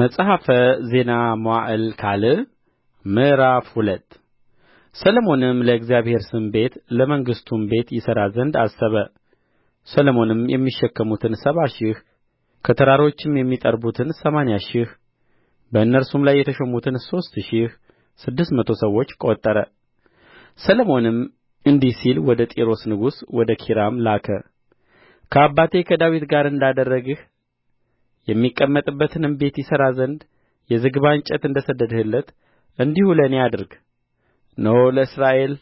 መጽሐፈ ዜና መዋዕል ካልዕ ምዕራፍ ሁለት ሰሎሞንም ለእግዚአብሔር ስም ቤት ለመንግሥቱም ቤት ይሠራ ዘንድ አሰበ። ሰሎሞንም የሚሸከሙትን ሰባ ሺህ ከተራሮችም የሚጠርቡትን ሰማንያ ሺህ በእነርሱም ላይ የተሾሙትን ሦስት ሺህ ስድስት መቶ ሰዎች ቈጠረ። ሰሎሞንም እንዲህ ሲል ወደ ጢሮስ ንጉሥ ወደ ኪራም ላከ ከአባቴ ከዳዊት ጋር እንዳደረግህ የሚቀመጥበትንም ቤት ይሠራ ዘንድ የዝግባ እንጨት እንደ ሰደድህለት እንዲሁ ለእኔ አድርግ እነሆ ለእስራኤል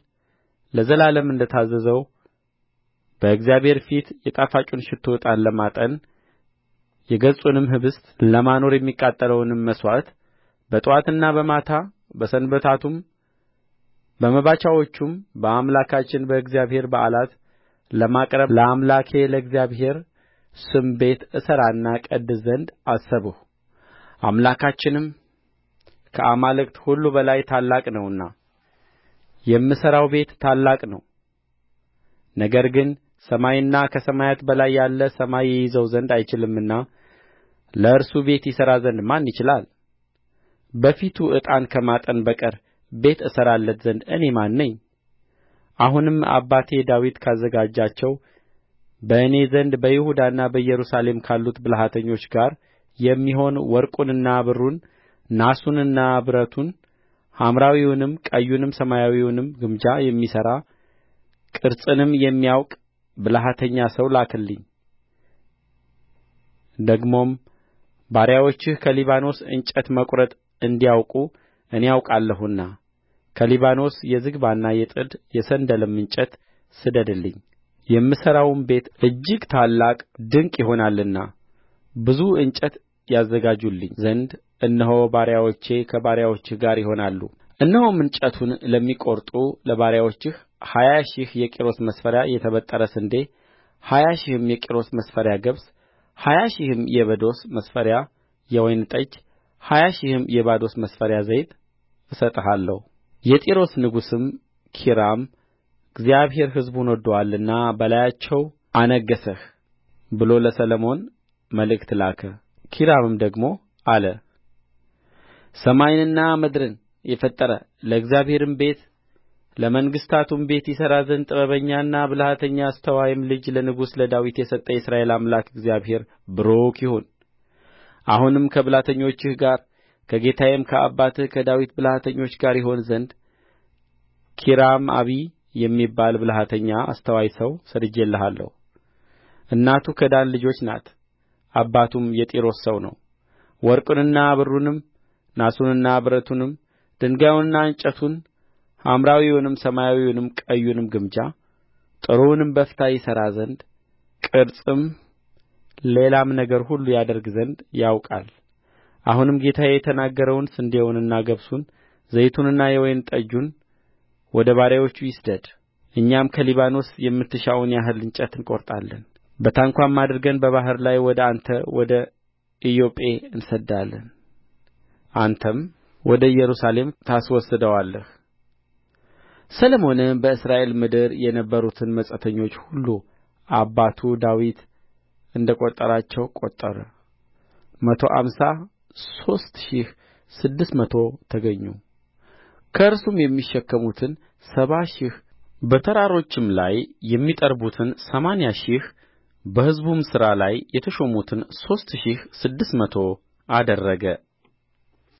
ለዘላለም እንደ ታዘዘው በእግዚአብሔር ፊት የጣፋጩን ሽቱ ዕጣን ለማጠን የገጹንም ኅብስት ለማኖር የሚቃጠለውንም መሥዋዕት በጥዋትና በማታ በሰንበታቱም በመባቻዎቹም በአምላካችን በእግዚአብሔር በዓላት ለማቅረብ ለአምላኬ ለእግዚአብሔር ስም ቤት እሠራና እቀድስ ዘንድ አሰብሁ አምላካችንም ከአማልክት ሁሉ በላይ ታላቅ ነውና የምሠራው ቤት ታላቅ ነው ነገር ግን ሰማይና ከሰማያት በላይ ያለ ሰማይ ይይዘው ዘንድ አይችልምና ለእርሱ ቤት ይሠራ ዘንድ ማን ይችላል በፊቱ ዕጣን ከማጠን በቀር ቤት እሠራለት ዘንድ እኔ ማን ነኝ አሁንም አባቴ ዳዊት ካዘጋጃቸው በእኔ ዘንድ በይሁዳና በኢየሩሳሌም ካሉት ብልሃተኞች ጋር የሚሆን ወርቁንና ብሩን ናሱንና ብረቱን ሐምራዊውንም ቀዩንም ሰማያዊውንም ግምጃ የሚሠራ ቅርጽንም የሚያውቅ ብልሃተኛ ሰው ላክልኝ። ደግሞም ባሪያዎችህ ከሊባኖስ እንጨት መቍረጥ እንዲያውቁ እኔ አውቃለሁና ከሊባኖስ የዝግባና የጥድ የሰንደልም እንጨት ስደድልኝ የምሠራውም ቤት እጅግ ታላቅ ድንቅ ይሆናልና ብዙ እንጨት ያዘጋጁልኝ ዘንድ እነሆ ባሪያዎቼ ከባሪያዎችህ ጋር ይሆናሉ እነሆም እንጨቱን ለሚቈርጡ ለባሪያዎችህ ሀያ ሺህ የቆሮስ መስፈሪያ የተበጠረ ስንዴ ሀያ ሺህም የቆሮስ መስፈሪያ ገብስ ሀያ ሺህም የባዶስ መስፈሪያ የወይን ጠጅ ሀያ ሺህም የባዶስ መስፈሪያ ዘይት እሰጥሃለሁ የጢሮስ ንጉሥም ኪራም እግዚአብሔር ሕዝቡን ወድዶአልና በላያቸው አነገሠህ ብሎ ለሰሎሞን መልእክት ላከ ኪራምም ደግሞ አለ ሰማይንና ምድርን የፈጠረ ለእግዚአብሔርም ቤት ለመንግሥቱም ቤት ይሠራ ዘንድ ጥበበኛና ብልሃተኛ አስተዋይም ልጅ ለንጉሡ ለዳዊት የሰጠ የእስራኤል አምላክ እግዚአብሔር ቡሩክ ይሁን። አሁንም ከብልሃተኞችህ ጋር ከጌታዬም ከአባትህ ከዳዊት ብልሃተኞች ጋር ይሆን ዘንድ ኪራምአቢ የሚባል ብልሃተኛ አስተዋይ ሰው ሰድጄልሃለሁ እናቱ ከዳን ልጆች ናት አባቱም የጢሮስ ሰው ነው ወርቁንና ብሩንም ናሱንና ብረቱንም ድንጋዩንና እንጨቱን ሐምራዊውንም ሰማያዊውንም ቀዩንም ግምጃ ጥሩውንም በፍታ ይሠራ ዘንድ ቅርጽም ሌላም ነገር ሁሉ ያደርግ ዘንድ ያውቃል አሁንም ጌታዬ የተናገረውን ስንዴውንና ገብሱን ዘይቱንና የወይን ጠጁን ወደ ባሪያዎቹ ይስደድ እኛም ከሊባኖስ የምትሻውን ያህል እንጨት እንቈርጣለን በታንኳም አድርገን በባሕር ላይ ወደ አንተ ወደ ኢዮጴ እንሰድዳለን አንተም ወደ ኢየሩሳሌም ታስወስደዋለህ ሰሎሞንም በእስራኤል ምድር የነበሩትን መጻተኞች ሁሉ አባቱ ዳዊት እንደ ቈጠራቸው ቈጠረ መቶ አምሳ ሦስት ሺህ ስድስት መቶ ተገኙ ከእርሱም የሚሸከሙትን ሰባ ሺህ በተራሮችም ላይ የሚጠርቡትን ሰማንያ ሺህ በሕዝቡም ሥራ ላይ የተሾሙትን ሦስት ሺህ ስድስት መቶ አደረገ